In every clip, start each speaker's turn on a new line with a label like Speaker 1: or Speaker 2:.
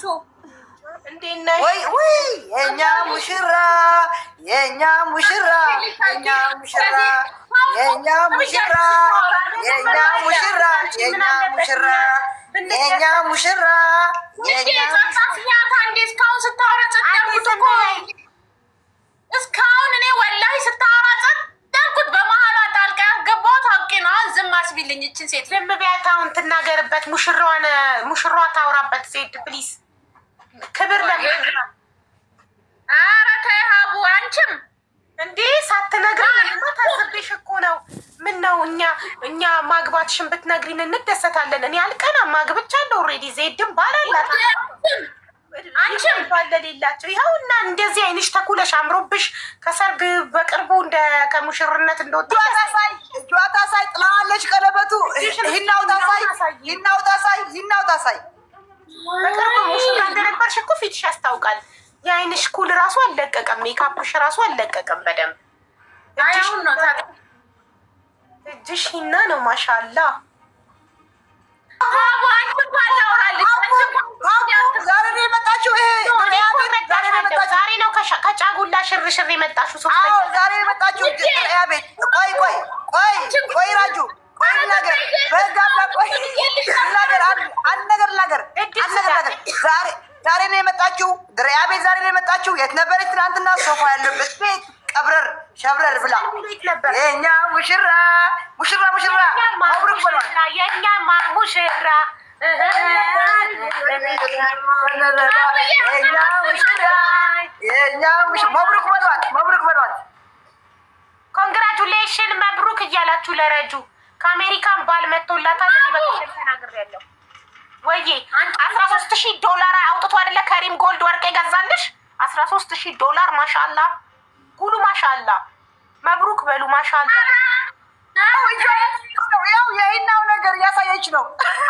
Speaker 1: ናችሁ?
Speaker 2: ወይ የኛ ሙሽራ የኛ ሙሽራ የኛ ሙሽራ የኛ ሙሽራ የኛ ሙሽራ የኛ ሙሽራ የኛ ሙሽራ
Speaker 1: እስካሁን እኔ ወላሂ ስታወራ ጸጥኩት። በመሀሏ ጣልቃ ያስገባሁት አውቄ ነው። ዝም አስቢልኝ። ይችን ሴት
Speaker 3: ዝም ቢያት አሁን ትናገርበት። ሙሽሯን ሙሽሯ ታውራበት ሴት ፕሊዝ
Speaker 1: ክብር ኧረ ተይ ሀቡ አንቺም
Speaker 3: እንዴ ሳትነግረን ታዝቤሽ እኮ ነው። ምን ነው እኛ እኛ ማግባትሽን ብትነግሪን እንደሰታለን። እኔ አልቀና አግብቻለሁ። ኦልሬዲ ዜድም ባል አላት አንቺም ባለሌላቸው ይኸው እና እንደዚህ አይንሽ ተኩለሽ አምሮብሽ ከሰርግ በቅርቡ እንደ ከሙሽርነት
Speaker 2: እንደወጣሳይ እጇ ታሳይ፣ ጥላለች ቀለበቱ ይናው ታሳይ፣ ይናው ታሳይ፣ ይናው
Speaker 3: በቅርብ እንደነበርሽ እኮ ፊትሽ ያስታውቃል። የአይንሽ ኩል ራሱ አልለቀቀም፣ ሜካፕሽ ራሱ አልለቀቀም። በደንብ እጅሽ ሂና ነው። ማሻላ ዛሬ ነው ከጫጉላ ሽርሽር የመጣችሁ
Speaker 2: ዛሬ የመጣችው ቤት ቆይ ቆይ ቆይ ቆይ ራጁ ቆይ ነገር በህግ ቆይ ነገር አንድ ነገር ነገር ዛሬ ዛሬ ነው የመጣችው ድሪያቤት ዛሬ ነው የመጣችው። የት ነበረች ትናንትና? ሶፋ ያለበት ቤት ቀብረር ሸብረር ብላ የኛ ሙሽራ ሙሽራ ሙሽራ መብሩክ ብሏል።
Speaker 1: የኛ ሙሽራ መብሩክ መብሩክ እያላችሁ ለረጁ ከአሜሪካን ባል መጥቶላታል። ተናግሬያለሁ ወይ አስራ ሶስት ሺህ ዶላር አውጥቶ አይደለ ከሪም ጎልድ ወርቅ የገዛልሽ አስራ ሶስት ሺህ ዶላር ማሻላ ጉሉ ማሻላ መብሩክ በሉ ማሻላ
Speaker 2: ያው የሂናው ነገር እያሳየች ነው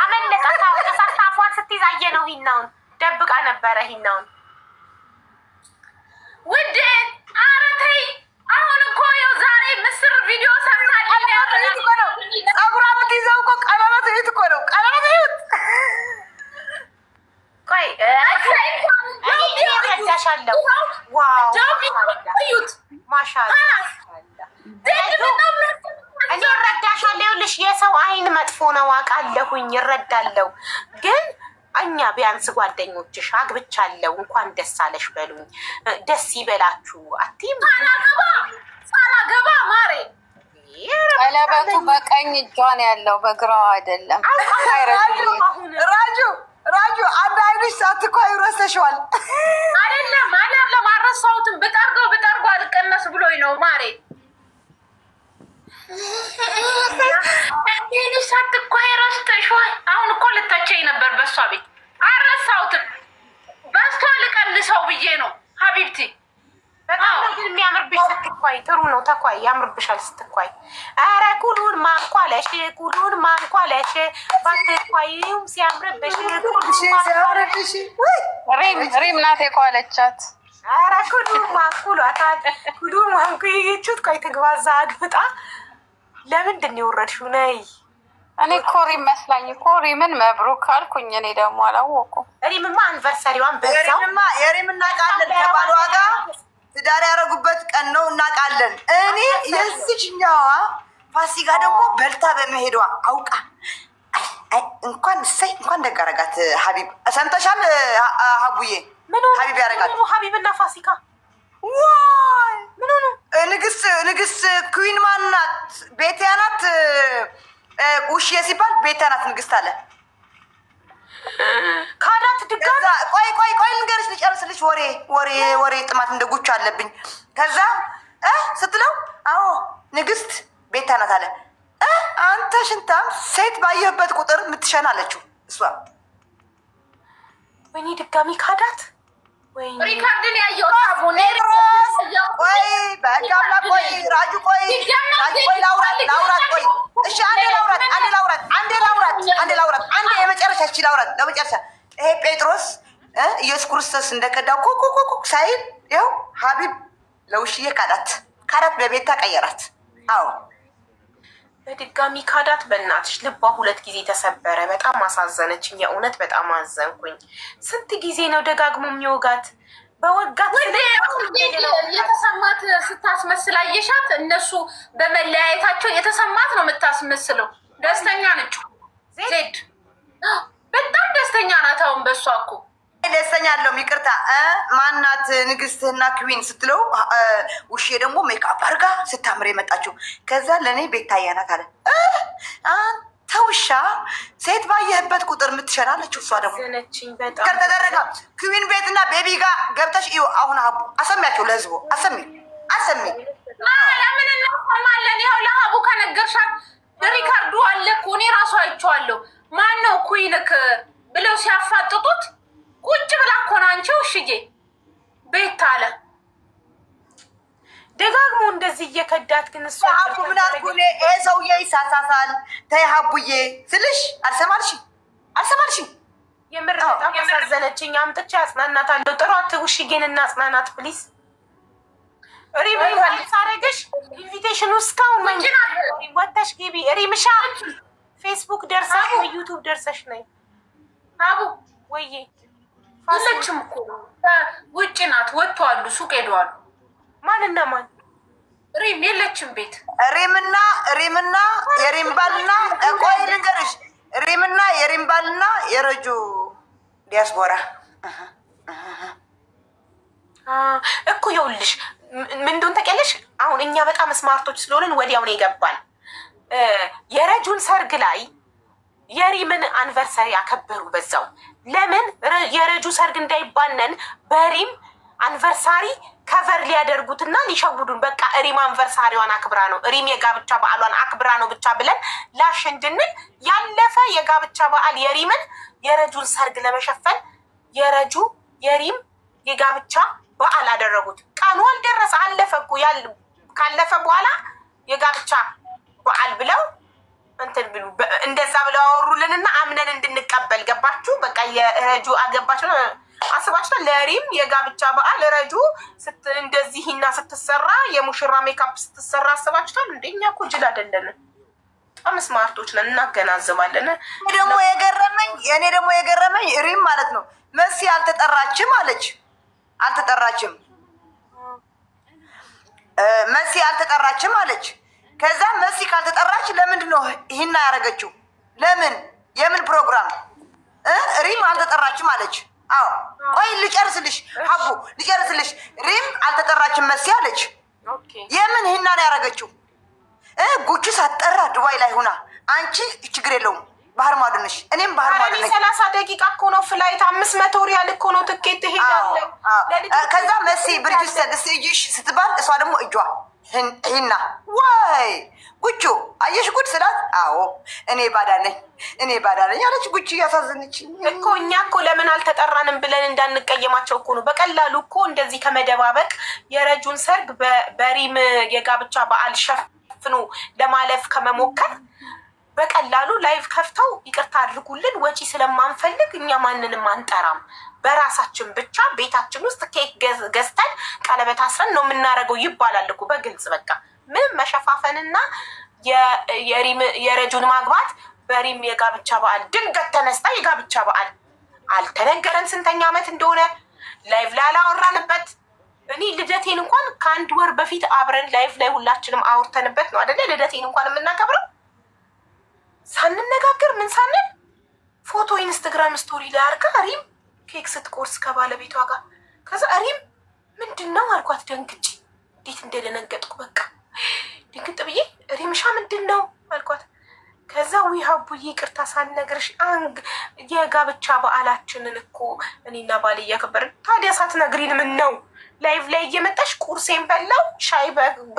Speaker 1: አመለጠ ተሳሳፏን ስትይዛየ ነው ሂናውን ደብቃ ነበረ ሂናውን አውቃለሁኝ ይረዳለው ግን እኛ ቢያንስ ጓደኞችሽ አግብቻለሁ እንኳን ደስ አለሽ በሉኝ፣ ደስ ይበላችሁ። አቲም ሳላገባ ማሬ
Speaker 3: ቀለበቱ በቀኝ እጇን ያለው በግራው አይደለም።
Speaker 2: ራጁ ራጁ አንድ አይንሽ ሳትኳይ ረስተሽዋል።
Speaker 1: አይደለም አይደለም፣ አረሳሁትም። ብጠርገው ብጠርገው አልቀነስ ብሎኝ ነው ማሬ እንዴት ሳት እኮ የራስ አሁን እኮ ልታቸኝ ነበር። በእሷ ቤት አልረሳሁትም። በስቷ ልቀልሰው ብዬ ነው ሀቢብቲ
Speaker 3: በጣም የሚያምርብሽ ስትኳይ ጥሩ ነው። ተኳይ ያምርብሻል ስትኳይ። ኧረ ኩሉን ማንኳለሽ ኩሉን ማንኳለሽ ባትኳይም ሲያምርብሽ
Speaker 2: ሪም ናት የኳለቻት።
Speaker 3: ኧረ ኩሉን ማንኩሏታል። ኩሉን ማንኩ ይችት ቆይ ትግባዛ አድብጣ ለምንድን ነው የወረድሽው? ነይ እኔ ኮሪ መስላኝ ኮሪ ምን መብሩክ አልኩኝ። እኔ ደግሞ አላወኩም።
Speaker 1: ሪምማ አንቨርሰሪዋን
Speaker 2: በዛውማ የሪም እናቃለን። ከባል ዋጋ ትዳር ያደረጉበት ቀን ነው እናቃለን። እኔ የዝችኛዋ ፋሲካ ደግሞ በልታ በመሄዷ አውቃ እንኳን እሰይ እንኳን ደግ አደረጋት። ሀቢብ ሰምተሻል? ሀቡዬ ሀቢብ ያደረጋት
Speaker 1: ሀቢብ እና ፋሲካ
Speaker 2: ዋይ ምን ሆነ ንግስት ኩዊን ማናት? ናት። ውሽዬ ሲባል ቤትያ ናት ንግስት አለ። ካዳት ቆይ ቆይ ቆይ ልንገርሽ ልጨርስልሽ። ወሬ ወሬ ወሬ ጥማት እንደ ጉቹ አለብኝ። ከዛ ስትለው አዎ ንግስት ቤትያ ናት አለ። አንተ ሽንታም ሴት ባየህበት ቁጥር ምትሸን አለችው እሷ።
Speaker 1: ወይኔ ድጋሚ ካዳት። ሪካርድን ያየሁት
Speaker 2: አቡነ ቆይ በጋላ ቆይ ራጁ ቆይ ቆይ ላውራት ላውራት ቆይ እሺ፣ አንዴ ላውራት አንዴ ላውራት አንዴ ላውራት አንዴ ላውራት አንዴ የመጨረሻ እቺ ላውራት ለመጨረሻ ይሄ ጴጥሮስ ኢየሱስ ክርስቶስ እንደከዳው ኮኮኮኮ ሳይል ይኸው ሀቢብ ለውሽዬ ካዳት ካዳት በቤታ ቀየራት። አዎ
Speaker 1: በድጋሚ ካዳት። በእናትሽ ልቧ ሁለት ጊዜ ተሰበረ። በጣም አሳዘነችኝ። የእውነት በጣም አዘንኩኝ። ስንት ጊዜ ነው ደጋግሞ የሚወጋት? በወጋት የተሰማት ስታስመስል አየሻት? እነሱ በመለያየታቸው የተሰማት ነው የምታስመስለው። ደስተኛ ነች ዜድ፣ በጣም ደስተኛ ናት። አሁን በሷ እኮ
Speaker 2: ደስተኛ አለውም። ይቅርታ ማናት ንግስትህና ክዊን ስትለው ውሼ ደግሞ ሜካፕ አርጋ ስታምር የመጣችው ከዛ ለእኔ ቤት ታያናት አለ። አንተ ውሻ ሴት ባየህበት ቁጥር የምትሸና አለችው። እሷ ደግሞ ከተደረገ ክዊን ቤትና ቤቢ ጋ ገብተሽ እዩ። አሁን ሀቡ አሰሚያቸው ለህዝቡ አሰሚ አሰሚ
Speaker 1: ለምን እናሰማለን? ይኸው ለሀቡ ከነገርሻት ሪካርዱ አለ እኮ እኔ ራሱ አይቼዋለሁ። ማን ነው ኩዊንክ ብለው ሲያፋጥጡት ቁጭ ብላ እኮ ነው አንቺ ውሽዬ ቤት አለ ደጋግሞ እንደዚህ እየከዳት ግን እሱ
Speaker 2: አቡ ምን አልኩኔ ሰውዬ ይሳሳሳል ተይ ሀቡዬ ስልሽ አልሰማልሽ አልሰማልሽ።
Speaker 1: የምር በጣም ያሳዘነችኝ። አምጥቼ አጽናናታለሁ። ጥሯት ውሽዬን እናጽናናት ፕሊዝ። ሪም ኢንቪቴሽን ኢንቪቴሽኑ እስካሁን ወተሽ ግቢ ሪምሻ። ፌስቡክ ደርሰሽ ዩቱብ ደርሰሽ ነይ አቡ ወዬ አለችም እኮ ውጭ ናት። ወጥተዋሉ፣ ሱቅ ሄደዋሉ። ማንና ማን? ሪም የለችም ቤት።
Speaker 2: ሪምና ሪምና የሪም ባልና ቆይ ልንገርሽ፣ ሪምና የሪም ባልና የረጁ ዲያስፖራ
Speaker 1: እኮ ይኸውልሽ፣ ምን እንደሆነ ታውቂያለሽ? አሁን እኛ በጣም ስማርቶች ስለሆንን ወዲያው ነው የገባን። የረጁን ሰርግ ላይ የሪምን አንቨርሰሪ አከበሩ በዛው ለምን የረጁ ሰርግ እንዳይባነን በሪም አንቨርሳሪ ከቨር ሊያደርጉትና ሊሸውዱን በቃ ሪም አንቨርሳሪዋን አክብራ ነው ሪም የጋብቻ በዓሏን አክብራ ነው ብቻ ብለን ላሽ እንድንል ያለፈ የጋብቻ በዓል የሪምን የረጁን ሰርግ ለመሸፈን የረጁ የሪም የጋብቻ በዓል አደረጉት። ቀኑ አልደረሰ አለፈ እኮ ካለፈ በኋላ የጋብቻ በዓል ብለው እንትን ብሉ እንደዛ ብለው አወሩልንና አምነን እንድንቀበል ገባችሁ። በቃ የረጁ አገባች አስባችሁ ለሪም የጋብቻ በዓል ረጁ እንደዚህ ሂና ስትሰራ የሙሽራ ሜካፕ ስትሰራ አስባችሁታል። እንደኛ እኮ ጅል አይደለንም። በጣም ስማርቶች ነን፣ እናገናዝባለን።
Speaker 2: ደግሞ የገረመኝ እኔ ደግሞ የገረመኝ ሪም ማለት ነው መሲ አልተጠራችም አለች። አልተጠራችም መሲ አልተጠራችም አለች ከዛ መሲ ካልተጠራች ለምንድን ነው ይህን ያደረገችው? ለምን የምን ፕሮግራም ሪም አልተጠራችም አለች። አዎ ቆይ ልጨርስልሽ፣ ሀቡ ልጨርስልሽ። ሪም አልተጠራችም መሲ አለች። የምን ይህና ነው ያደረገችው? ጉቺ ሳትጠራ ድባይ ላይ ሁና አንቺ ችግር የለውም ባህር ማዶ ነሽ፣ እኔም ባህር ማዶ
Speaker 1: ነኝ። ሰላሳ ደቂቃ እኮ ነው ፍላይት፣ አምስት መቶ ሪያል እኮ ነው ትኬት። ትሄዳለ
Speaker 2: ከዛ መሲ ብርጅስተን እጅሽ ስትባል እሷ ደግሞ እጇ ሂና ወይ ጉቹ አየሽ ጉድ ስላት፣ አዎ እኔ ባዳነኝ እኔ ባዳነኝ አለች ጉቹ። እያሳዘነች
Speaker 1: እኮ እኛ እኮ ለምን አልተጠራንም ብለን እንዳንቀየማቸው እኮ ነው። በቀላሉ እኮ እንደዚህ ከመደባበቅ የረጁን ሰርግ በሪም የጋብቻ በዓል ሸፍኖ ለማለፍ ከመሞከር በቀላሉ ላይቭ ከፍተው ይቅርታ አድርጉልን፣ ወጪ ስለማንፈልግ እኛ ማንንም አንጠራም በራሳችን ብቻ ቤታችን ውስጥ ኬክ ገዝተን ቀለበት አስረን ነው የምናደርገው ይባላል እኮ በግልጽ በቃ ምንም መሸፋፈንና የረጁን ማግባት በሪም የጋብቻ በዓል ድንገት ተነስታ የጋብቻ በዓል አልተነገረን ስንተኛ ዓመት እንደሆነ ላይቭ ላይ አላወራንበት። እኔ ልደቴን እንኳን ከአንድ ወር በፊት አብረን ላይቭ ላይ ሁላችንም አውርተንበት ነው አደለ? ልደቴን እንኳን የምናከብረው ሳንነጋገር ምን ሳንል ፎቶ ኢንስትግራም ስቶሪ ላይ አርጋ ሪም ኬክ ስትቆርስ ከባለቤቷ ጋር። ከዛ እኔም ምንድን ነው አልኳት ደንግጬ፣ እንዴት እንደደነገጥኩ በቃ ድንግጥ ብዬ ሪምሻ ምንድን ነው አልኳት። ከዛ ውይ ሀቡዬ ይቅርታ ሳልነግርሽ አንግ የጋብቻ በዓላችንን እኮ እኔና ባል እያከበርን ታዲያ ሳትነግሪን ምን ነው? ላይቭ ላይ እየመጣሽ ቁርሴን በላው፣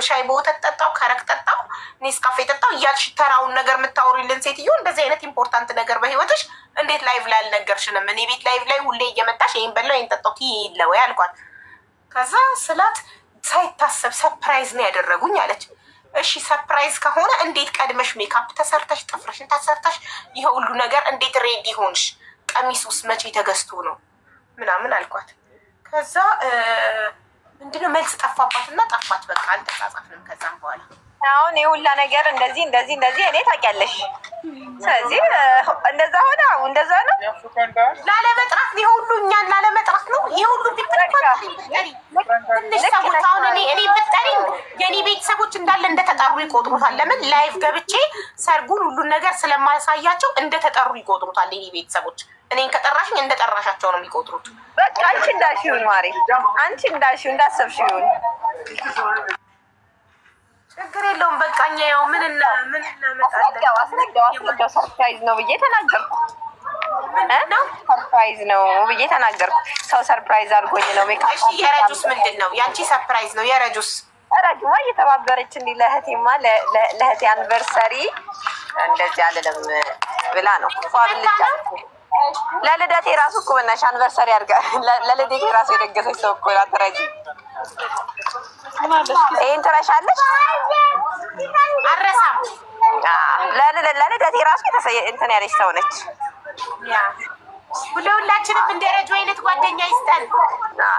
Speaker 1: ሻይ በወተት ጠጣው፣ ከረክ ጠጣው፣ ኔስካፌ ጠጣው እያልሽ ተራውን ነገር የምታወሪልን ሴትዮ፣ እንደዚህ አይነት ኢምፖርታንት ነገር በህይወትሽ እንዴት ላይቭ ላይ አልነገርሽንም? እኔ ቤት ላይቭ ላይ ሁሌ እየመጣሽ ይህን በላው ይህን ጠጣው የለ ወይ አልኳት። ከዛ ስላት ሳይታሰብ ሰፕራይዝ ነው ያደረጉኝ አለች። እሺ ሰርፕራይዝ ከሆነ እንዴት ቀድመሽ ሜካፕ ተሰርተሽ ጥፍርሽን ተሰርተሽ ይሄ ሁሉ ነገር እንዴት ሬዲ ሆንሽ? ቀሚስ ውስጥ መቼ ተገዝቶ ነው ምናምን አልኳት። ከዛ ምንድነው መልስ ጠፋባት እና ጠፋት። በቃ አልተጻጻፍንም ከዛም በኋላ
Speaker 3: አሁን የሁላ ነገር እንደዚህ እንደዚህ እንደዚህ እኔ ታውቂያለሽ። ስለዚህ እንደዛ ሆነ እንደዛ ነው
Speaker 1: ላለመጥራት ይሄ ሁሉ እኛን ላለመጥራት ነው ይሄ ሁሉ ትንሽ እኔ ብጠሪ የኔ ቤተሰቦች እንዳለ እንደተጠሩ ይቆጥሩታል። ለምን ላይቭ ገብቼ ሰርጉን ሁሉን ነገር ስለማያሳያቸው እንደተጠሩ ይቆጥሩታል። የኔ ቤተሰቦች እኔን ከጠራሽኝ እንደ ጠራሻቸው ነው የሚቆጥሩት።
Speaker 3: በቃ አንቺ እንዳልሽው ማሪ፣ አንቺ እንዳልሽው እንዳሰብሽው ይሁን
Speaker 1: ችግር የለውም። በቃ እኛ ያው ምን እናመጣለን።
Speaker 3: አስረዳው አስረዳው። ሰርፕራይዝ ነው ብዬ ተናገርኩ። ሰርፕራይዝ ነው ብዬ ተናገርኩ። ሰው ሰርፕራይዝ አድርጎኝ ነው።
Speaker 1: እሺ የረጁስ ምንድን ነው ያንቺ ሰርፕራይዝ ነው የረጁስ
Speaker 3: ረጅማ እየተባበረች እንዲህ ለእህቴማ ለእህቴ አንቨርሰሪ እንደዚህ አልልም ብላ ነው ፏ ለልደቴ ራሱ እኮ በእናትሽ አንቨርሰሪ አድርጋ ለልደቴ ራሱ የደገሰች ሰው እኮ አትረጂ። ይህን ትረሻለች። አረሳ ለልደቴ ራሱ እንትን ያለች ሰው ነች።
Speaker 1: ሁለሁላችንም እንደ አይነት ጓደኛ ይስጠን።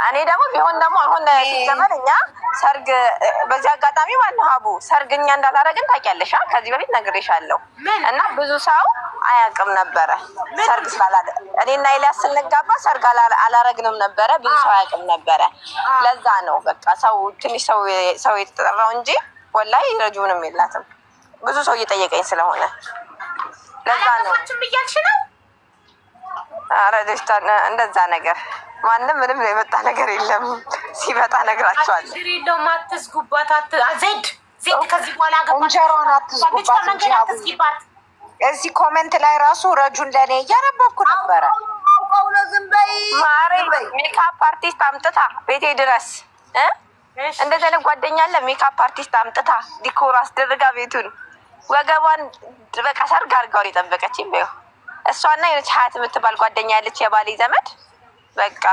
Speaker 3: እኔ ደግሞ ቢሆን ደግሞ አሁን ሲጀመር እኛ ሰርግ በዚህ አጋጣሚ ማነው ሀቡ ሰርግ እኛ እንዳላረግን ታውቂያለሽ፣ ከዚህ በፊት ነግሬሻለሁ። እና ብዙ ሰው አያውቅም ነበረ ሰርግ ስላላደ እኔና ኤልያስ ስንጋባ ሰርግ አላረግንም ነበረ፣ ብዙ ሰው አያውቅም ነበረ። ለዛ ነው በቃ ሰው ትንሽ ሰው ሰው የተጠራው እንጂ ወላይ ረጁንም የላትም ብዙ ሰው እየጠየቀኝ ስለሆነ ለዛ ነው እያልሽ ነው አረ ደስታ እንደዛ ነገር ማንም ምንም የመጣ ነገር የለም። ሲመጣ
Speaker 1: ነግራቸዋለሁ። ሬደውም አትስጉባት። ዜድ ዜድ ከዚህ በኋላ
Speaker 3: እንጀሯን አትስጉባት።
Speaker 2: እዚህ ኮመንት ላይ ራሱ ረጁን ለእኔ እያነበብኩ ነበረ።
Speaker 3: ማሬ ሜካፕ አርቲስት አምጥታ ቤቴ ድረስ እንደዚህ ዓይነት ጓደኛ አለ። ሜካፕ አርቲስት አምጥታ ዲኮር አስደርጋ ቤቱን ወገቧን በቃ ሰርግ አድርጋውን የጠበቀችኝ በይው እሷና የነች ሀያት የምትባል ጓደኛ ያለች የባሌ ዘመድ በቃ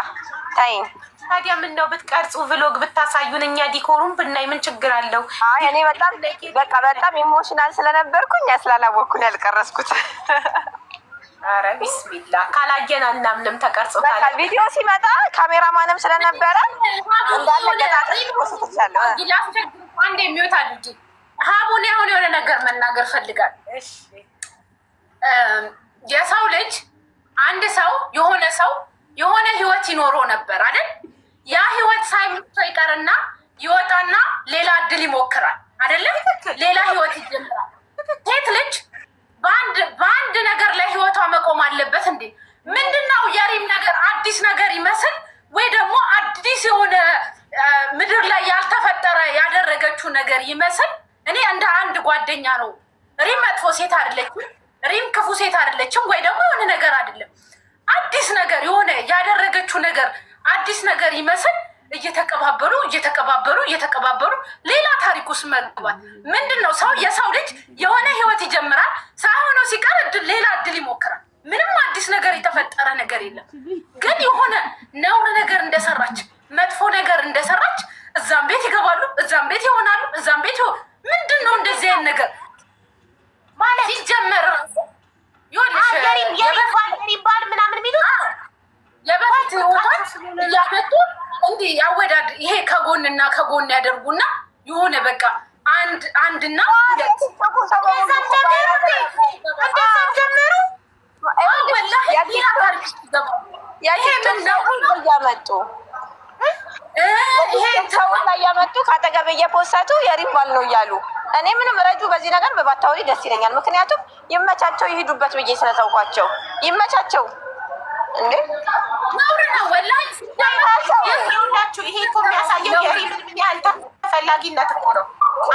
Speaker 3: ታይን።
Speaker 1: ታዲያ ምን ነው ብትቀርጹ ብሎግ ብታሳዩን እኛ ዲኮሩን ብናይ ምን ችግር አለው?
Speaker 3: እኔ በጣም በቃ በጣም ኢሞሽናል ስለነበርኩኝ ስላላወቅኩን ያልቀረስኩት።
Speaker 1: አረ ቢስሚላ ካላየን አናምንም። ተቀርጾ
Speaker 3: ቪዲዮ ሲመጣ ካሜራማንም ስለነበረ እንዳለ
Speaker 1: አንድ የሚወት አድርጊ ሀቡን። አሁን የሆነ ነገር መናገር ፈልጋል የሰው ልጅ አንድ ሰው የሆነ ሰው የሆነ ህይወት ይኖሮ ነበር አይደል? ያ ህይወት ሳይሞቶ ይቀርና ይወጣና ሌላ እድል ይሞክራል አይደለም? ሌላ ህይወት ይጀምራል። ሴት ልጅ በአንድ ነገር ላይ ህይወቷ መቆም አለበት እንዴ? ምንድነው የሪም ነገር አዲስ ነገር ይመስል ወይ ደግሞ አዲስ የሆነ ምድር ላይ ያልተፈጠረ ያደረገችው ነገር ይመስል እኔ እንደ አንድ ጓደኛ ነው ሪም መጥፎ ሴት አይደለችም ሪም ክፉ ሴት አይደለችም፣ ወይ ደግሞ የሆነ ነገር አይደለም። አዲስ ነገር የሆነ ያደረገችው ነገር አዲስ ነገር ይመስል እየተቀባበሉ እየተቀባበሉ እየተቀባበሉ ሌላ ታሪክ ውስጥ መግባት ምንድን ነው? ሰው የሰው ልጅ የሆነ ህይወት ይጀምራል፣ ሳይሆነው ሲቀር ሌላ እድል ይሞክራል። ምንም አዲስ ነገር የተፈጠረ ነገር የለም። ግን የሆነ ነውር ነገር እንደሰራች መጥፎ ነገር እንደሰራች እዛም ቤት ይገባሉ፣ እዛም ቤት ይሆናሉ፣ እዛም ቤት ምንድን ነው እንደዚህ አይነት ነገር ከጎንና ከጎን ያደርጉና የሆነ በቃ አንድ አንድና
Speaker 3: እያመጡ ሰውና እያመጡ ከአጠገብ እየፖሰቱ የሪባል ነው እያሉ እኔ ምንም ረጁ በዚህ ነገር በባታወሪ ደስ ይለኛል። ምክንያቱም ይመቻቸው፣ ይሄዱበት ብዬ ስለተውኳቸው ይመቻቸው።
Speaker 1: ነውር ነው ወላሂ። ይኸውላችሁ ይሄ እኮ የሚያሳየው የሪምን ምን ያህል ተፈላጊነት እኮ ነው።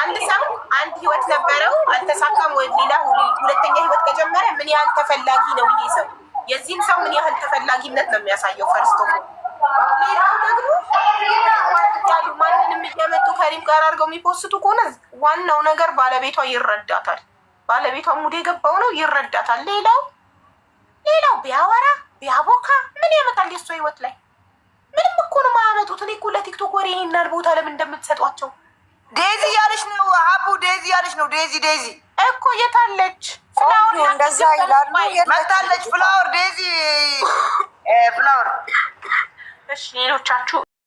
Speaker 1: አንድ ሰው አንድ ህይወት ነበረው አልተሳካም፣ ወይ ሌላ ሁለተኛ ህይወት ከጀመረ ምን ያህል ተፈላጊ ነው ይሄ ሰው። የዚህም ሰው ምን ያህል ተፈላጊነት ነው የሚያሳየው ፈርስቶ። ሌላው ደግሞ ያሉ ማንንም እያመጡ ከሪም ጋር አድርገው የሚፖስቱ ከሆነ ዋናው ነገር ባለቤቷ ይረዳታል። ባለቤቷ ሙድ የገባው ነው ይረዳታል። ሌላው ሌላው ቢያወራ ቢያቦካ ምን ያመጣል የሱ ህይወት ላይ? ምንም እኮ ነው የማያመጡት። እኔ እኮ ለቲክቶክ ወሬ ይህናል ቦታ ለምን እንደምትሰጧቸው
Speaker 2: ዴዚ እያለች ነው አቡ፣ ዴዚ እያለች ነው። ዴዚ ዴዚ
Speaker 1: እኮ የታለች?
Speaker 2: ፍላወር እንደዛ ይላሉ። መታለች ፍላወር ዴዚ ፍላወር። እሺ ሌሎቻችሁ